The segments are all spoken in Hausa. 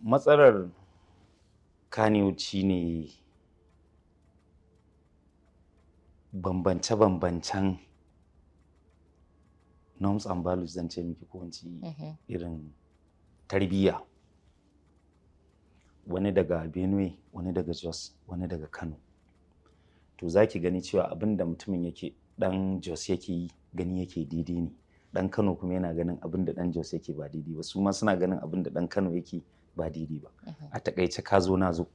matsalar kaniyoci ne bambance-bambancen norms and values zan ce miki kowanci mhm. irin tarbiyya wani daga benue wani daga jos wani daga kano to za ki gani cewa abinda mutumin yake dan jos yake yi gani yake daidai ne dan kano kuma yana ganin abin da dan jos yake ba daidai ba su ma suna ganin abinda da dan kano yake ba daidai ba a takaice ka zo na zo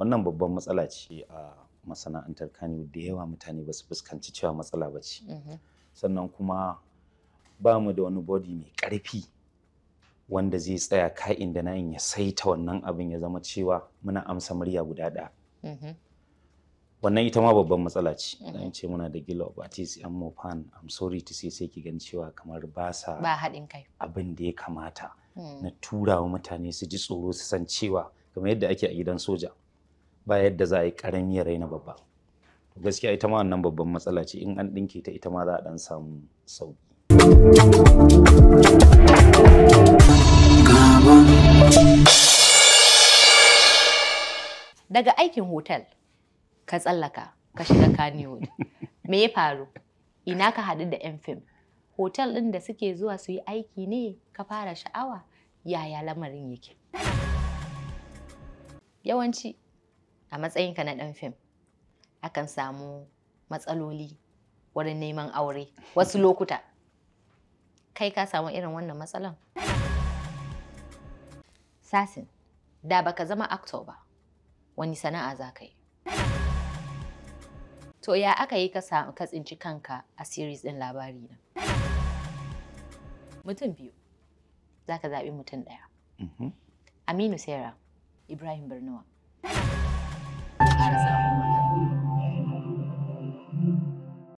wannan babban matsala ce a masana'antar kano da yawa mutane ba su fuskanci cewa matsala ba ce sannan kuma ba mu da wani body mai karfi wanda zai tsaya ka'in da yin ya saita wannan abin ya zama cewa muna amsa murya guda ɗaya wannan ita ma babban matsala ce Na ce muna da gila of artists yan mofan i'm sorry to sai ki gan cewa kamar ba sa abin da ya kamata Hmm. na turawa mutane su ji tsoro su san cewa kamar yadda ake a gidan soja ba yadda za a yi karami ya raina babba gaskiya ita ma wannan babban matsala ce in an ɗinke ta ita ma za a ɗan samu sauki. Daga aikin hotel ka tsallaka ka shiga Kannywood. Me ya faru? Ina ka haɗu da 'yan fim? hotel ɗin da suke zuwa su yi aiki ne ka fara sha'awa yaya lamarin yake yawanci a matsayinka na ɗan fim akan samu matsaloli wurin neman aure wasu lokuta kai ka samu irin wannan matsalan sasin da baka zama actor ba wani sana'a za ka yi To ya aka yi ka samu ka tsinci kanka a series ɗin labari na? Mutum biyu. Za ka zaɓi mutum ɗaya. Mm-hmm. Aminu Sera, Ibrahim Birniwa.